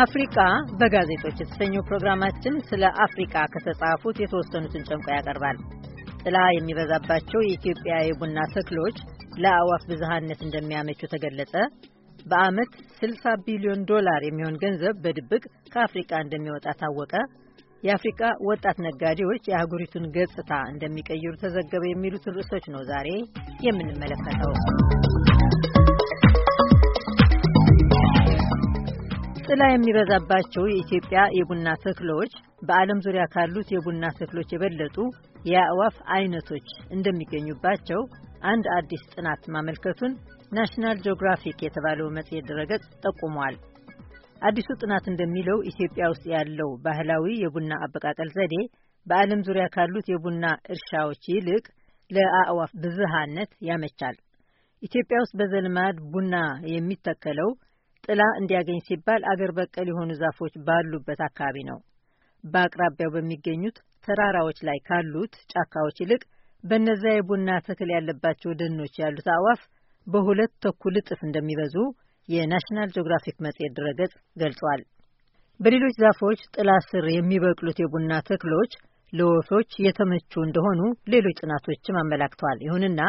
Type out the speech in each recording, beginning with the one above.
አፍሪቃ በጋዜጦች የተሰኘው ፕሮግራማችን ስለ አፍሪቃ ከተጻፉት የተወሰኑትን ጨምቆ ያቀርባል። ጥላ የሚበዛባቸው የኢትዮጵያ የቡና ተክሎች ለአዕዋፍ ብዝሃነት እንደሚያመቹ ተገለጸ፣ በዓመት 60 ቢሊዮን ዶላር የሚሆን ገንዘብ በድብቅ ከአፍሪቃ እንደሚወጣ ታወቀ፣ የአፍሪቃ ወጣት ነጋዴዎች የአህጉሪቱን ገጽታ እንደሚቀይሩ ተዘገበ፣ የሚሉትን ርዕሶች ነው ዛሬ የምንመለከተው። ጥላ የሚበዛባቸው የኢትዮጵያ የቡና ተክሎች በዓለም ዙሪያ ካሉት የቡና ተክሎች የበለጡ የአእዋፍ አይነቶች እንደሚገኙባቸው አንድ አዲስ ጥናት ማመልከቱን ናሽናል ጂኦግራፊክ የተባለው መጽሔት ድረገጽ ጠቁሟል። አዲሱ ጥናት እንደሚለው ኢትዮጵያ ውስጥ ያለው ባህላዊ የቡና አበቃቀል ዘዴ በዓለም ዙሪያ ካሉት የቡና እርሻዎች ይልቅ ለአእዋፍ ብዝሃነት ያመቻል። ኢትዮጵያ ውስጥ በዘልማድ ቡና የሚተከለው ጥላ እንዲያገኝ ሲባል አገር በቀል የሆኑ ዛፎች ባሉበት አካባቢ ነው። በአቅራቢያው በሚገኙት ተራራዎች ላይ ካሉት ጫካዎች ይልቅ በእነዚያ የቡና ተክል ያለባቸው ደኖች ያሉት አዕዋፍ በሁለት ተኩል እጥፍ እንደሚበዙ የናሽናል ጂኦግራፊክ መጽሔት ድረገጽ ገልጿል። በሌሎች ዛፎች ጥላ ስር የሚበቅሉት የቡና ተክሎች ለወፎች የተመቹ እንደሆኑ ሌሎች ጥናቶችም አመላክተዋል። ይሁንና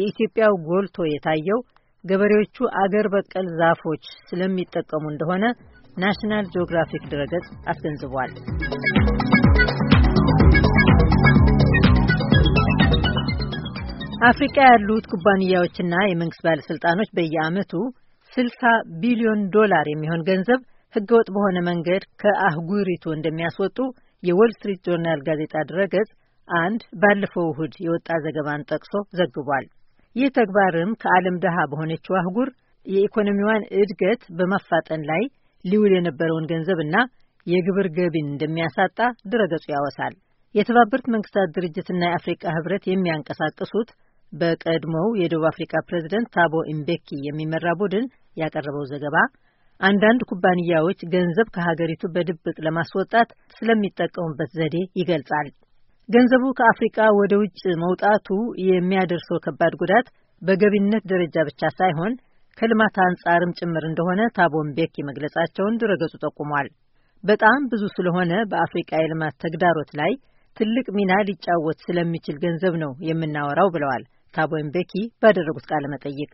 የኢትዮጵያው ጎልቶ የታየው ገበሬዎቹ አገር በቀል ዛፎች ስለሚጠቀሙ እንደሆነ ናሽናል ጂኦግራፊክ ድረገጽ አስገንዝቧል። አፍሪካ ያሉት ኩባንያዎችና የመንግስት ባለሥልጣኖች በየአመቱ 60 ቢሊዮን ዶላር የሚሆን ገንዘብ ህገወጥ በሆነ መንገድ ከአህጉሪቱ እንደሚያስወጡ የወል ስትሪት ጆርናል ጋዜጣ ድረገጽ አንድ ባለፈው እሁድ የወጣ ዘገባን ጠቅሶ ዘግቧል። ይህ ተግባርም ከዓለም ደሃ በሆነችው አህጉር የኢኮኖሚዋን እድገት በማፋጠን ላይ ሊውል የነበረውን ገንዘብና የግብር ገቢን እንደሚያሳጣ ድረገጹ ያወሳል። የተባበሩት መንግስታት ድርጅትና የአፍሪቃ ህብረት የሚያንቀሳቅሱት በቀድሞው የደቡብ አፍሪካ ፕሬዚደንት ታቦ ኢምቤኪ የሚመራ ቡድን ያቀረበው ዘገባ አንዳንድ ኩባንያዎች ገንዘብ ከሀገሪቱ በድብቅ ለማስወጣት ስለሚጠቀሙበት ዘዴ ይገልጻል። ገንዘቡ ከአፍሪቃ ወደ ውጭ መውጣቱ የሚያደርሰው ከባድ ጉዳት በገቢነት ደረጃ ብቻ ሳይሆን ከልማት አንጻርም ጭምር እንደሆነ ታቦን ቤኪ መግለጻቸውን ድረገጹ ጠቁሟል። በጣም ብዙ ስለሆነ በአፍሪቃ የልማት ተግዳሮት ላይ ትልቅ ሚና ሊጫወት ስለሚችል ገንዘብ ነው የምናወራው ብለዋል ታቦን ቤኪ ባደረጉት ቃለ መጠይቅ።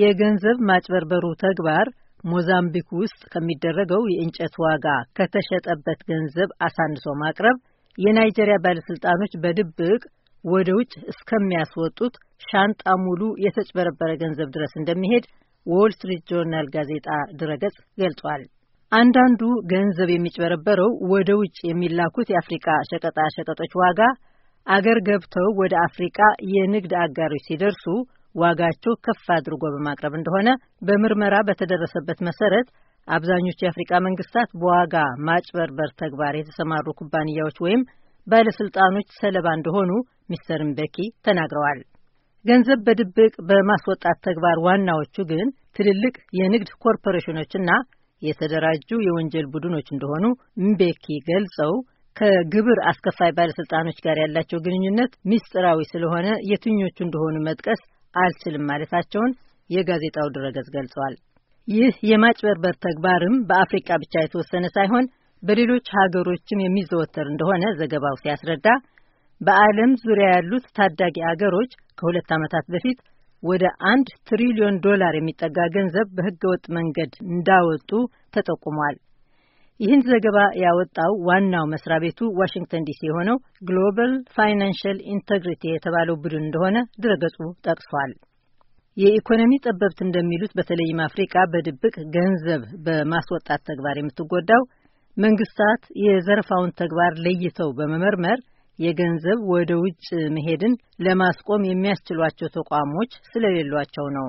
የገንዘብ ማጭበርበሩ ተግባር ሞዛምቢክ ውስጥ ከሚደረገው የእንጨት ዋጋ ከተሸጠበት ገንዘብ አሳንሶ ማቅረብ የናይጄሪያ ባለስልጣኖች በድብቅ ወደ ውጭ እስከሚያስወጡት ሻንጣ ሙሉ የተጭበረበረ ገንዘብ ድረስ እንደሚሄድ ዎል ስትሪት ጆርናል ጋዜጣ ድረገጽ ገልጿል። አንዳንዱ ገንዘብ የሚጭበረበረው ወደ ውጭ የሚላኩት የአፍሪቃ ሸቀጣ ሸቀጦች ዋጋ አገር ገብተው ወደ አፍሪቃ የንግድ አጋሮች ሲደርሱ ዋጋቸው ከፍ አድርጎ በማቅረብ እንደሆነ በምርመራ በተደረሰበት መሰረት አብዛኞቹ የአፍሪቃ መንግስታት በዋጋ ማጭበርበር ተግባር የተሰማሩ ኩባንያዎች ወይም ባለስልጣኖች ሰለባ እንደሆኑ ሚስተር ምበኪ ተናግረዋል። ገንዘብ በድብቅ በማስወጣት ተግባር ዋናዎቹ ግን ትልልቅ የንግድ ኮርፖሬሽኖችና የተደራጁ የወንጀል ቡድኖች እንደሆኑ ምቤኪ ገልጸው ከግብር አስከፋይ ባለስልጣኖች ጋር ያላቸው ግንኙነት ሚስጥራዊ ስለሆነ የትኞቹ እንደሆኑ መጥቀስ አልችልም ማለታቸውን የጋዜጣው ድረገጽ ገልጿል። ይህ የማጭበርበር ተግባርም በአፍሪቃ ብቻ የተወሰነ ሳይሆን በሌሎች ሀገሮችም የሚዘወተር እንደሆነ ዘገባው ሲያስረዳ በዓለም ዙሪያ ያሉት ታዳጊ አገሮች ከሁለት ዓመታት በፊት ወደ አንድ ትሪሊዮን ዶላር የሚጠጋ ገንዘብ በህገወጥ መንገድ እንዳወጡ ተጠቁሟል። ይህን ዘገባ ያወጣው ዋናው መስሪያ ቤቱ ዋሽንግተን ዲሲ የሆነው ግሎባል ፋይናንሽል ኢንተግሪቲ የተባለው ቡድን እንደሆነ ድረገጹ ጠቅሷል። የኢኮኖሚ ጠበብት እንደሚሉት በተለይም አፍሪቃ በድብቅ ገንዘብ በማስወጣት ተግባር የምትጎዳው መንግስታት የዘረፋውን ተግባር ለይተው በመመርመር የገንዘብ ወደ ውጭ መሄድን ለማስቆም የሚያስችሏቸው ተቋሞች ስለሌሏቸው ነው።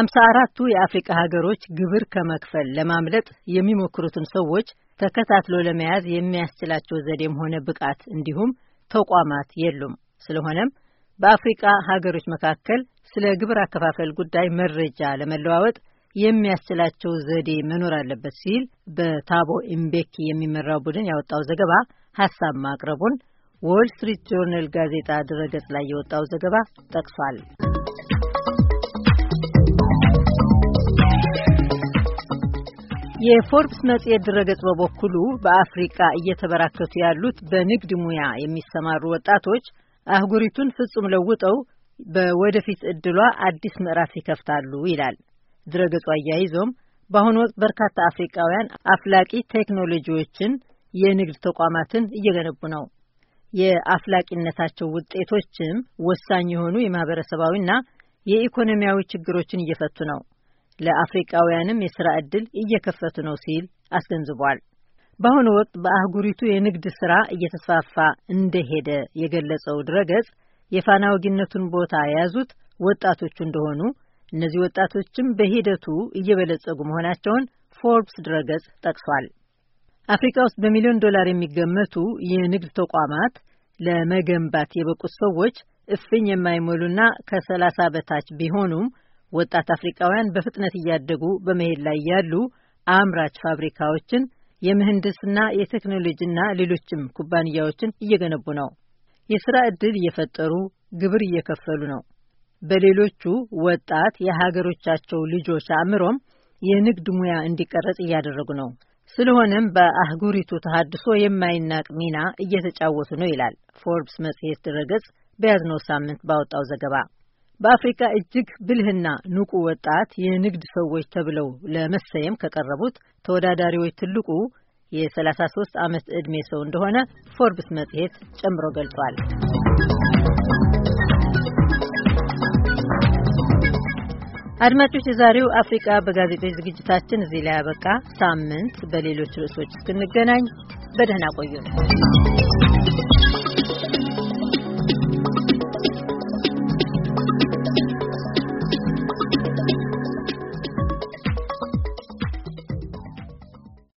አምሳ አራቱ የአፍሪቃ ሀገሮች ግብር ከመክፈል ለማምለጥ የሚሞክሩትን ሰዎች ተከታትሎ ለመያዝ የሚያስችላቸው ዘዴም ሆነ ብቃት እንዲሁም ተቋማት የሉም። ስለሆነም በአፍሪቃ ሀገሮች መካከል ስለ ግብር አከፋፈል ጉዳይ መረጃ ለመለዋወጥ የሚያስችላቸው ዘዴ መኖር አለበት ሲል በታቦ ኢምቤኪ የሚመራው ቡድን ያወጣው ዘገባ ሀሳብ ማቅረቡን ዎል ስትሪት ጆርናል ጋዜጣ ድረገጽ ላይ የወጣው ዘገባ ጠቅሷል። የፎርብስ መጽሔት ድረገጽ በበኩሉ በአፍሪቃ እየተበራከቱ ያሉት በንግድ ሙያ የሚሰማሩ ወጣቶች አህጉሪቱን ፍጹም ለውጠው በወደፊት እድሏ አዲስ ምዕራፍ ይከፍታሉ ይላል ድረገጹ። አያይዞም በአሁኑ ወቅት በርካታ አፍሪቃውያን አፍላቂ ቴክኖሎጂዎችን፣ የንግድ ተቋማትን እየገነቡ ነው። የአፍላቂነታቸው ውጤቶችም ወሳኝ የሆኑ የማህበረሰባዊና የኢኮኖሚያዊ ችግሮችን እየፈቱ ነው፣ ለአፍሪቃውያንም የስራ እድል እየከፈቱ ነው ሲል አስገንዝቧል። በአሁኑ ወቅት በአህጉሪቱ የንግድ ስራ እየተስፋፋ እንደሄደ የገለጸው ድረገጽ የፋና ወጊነቱን ቦታ የያዙት ወጣቶቹ እንደሆኑ እነዚህ ወጣቶችም በሂደቱ እየበለጸጉ መሆናቸውን ፎርብስ ድረገጽ ጠቅሷል። አፍሪካ ውስጥ በሚሊዮን ዶላር የሚገመቱ የንግድ ተቋማት ለመገንባት የበቁት ሰዎች እፍኝ የማይሞሉና ከሰላሳ በታች ቢሆኑም ወጣት አፍሪካውያን በፍጥነት እያደጉ በመሄድ ላይ ያሉ አምራች ፋብሪካዎችን የምህንድስና የቴክኖሎጂና ሌሎችም ኩባንያዎችን እየገነቡ ነው። የሥራ ዕድል እየፈጠሩ ግብር እየከፈሉ ነው። በሌሎቹ ወጣት የሀገሮቻቸው ልጆች አእምሮም የንግድ ሙያ እንዲቀረጽ እያደረጉ ነው። ስለሆነም በአህጉሪቱ ተሃድሶ የማይናቅ ሚና እየተጫወቱ ነው ይላል ፎርብስ መጽሔት ድረገጽ በያዝነው ሳምንት ባወጣው ዘገባ። በአፍሪካ እጅግ ብልህና ንቁ ወጣት የንግድ ሰዎች ተብለው ለመሰየም ከቀረቡት ተወዳዳሪዎች ትልቁ የ33 ዓመት ዕድሜ ሰው እንደሆነ ፎርብስ መጽሔት ጨምሮ ገልጿል። አድማጮች፣ የዛሬው አፍሪቃ በጋዜጦች ዝግጅታችን እዚህ ላይ ያበቃ። ሳምንት በሌሎች ርዕሶች እስክንገናኝ በደህና ቆዩ ነው።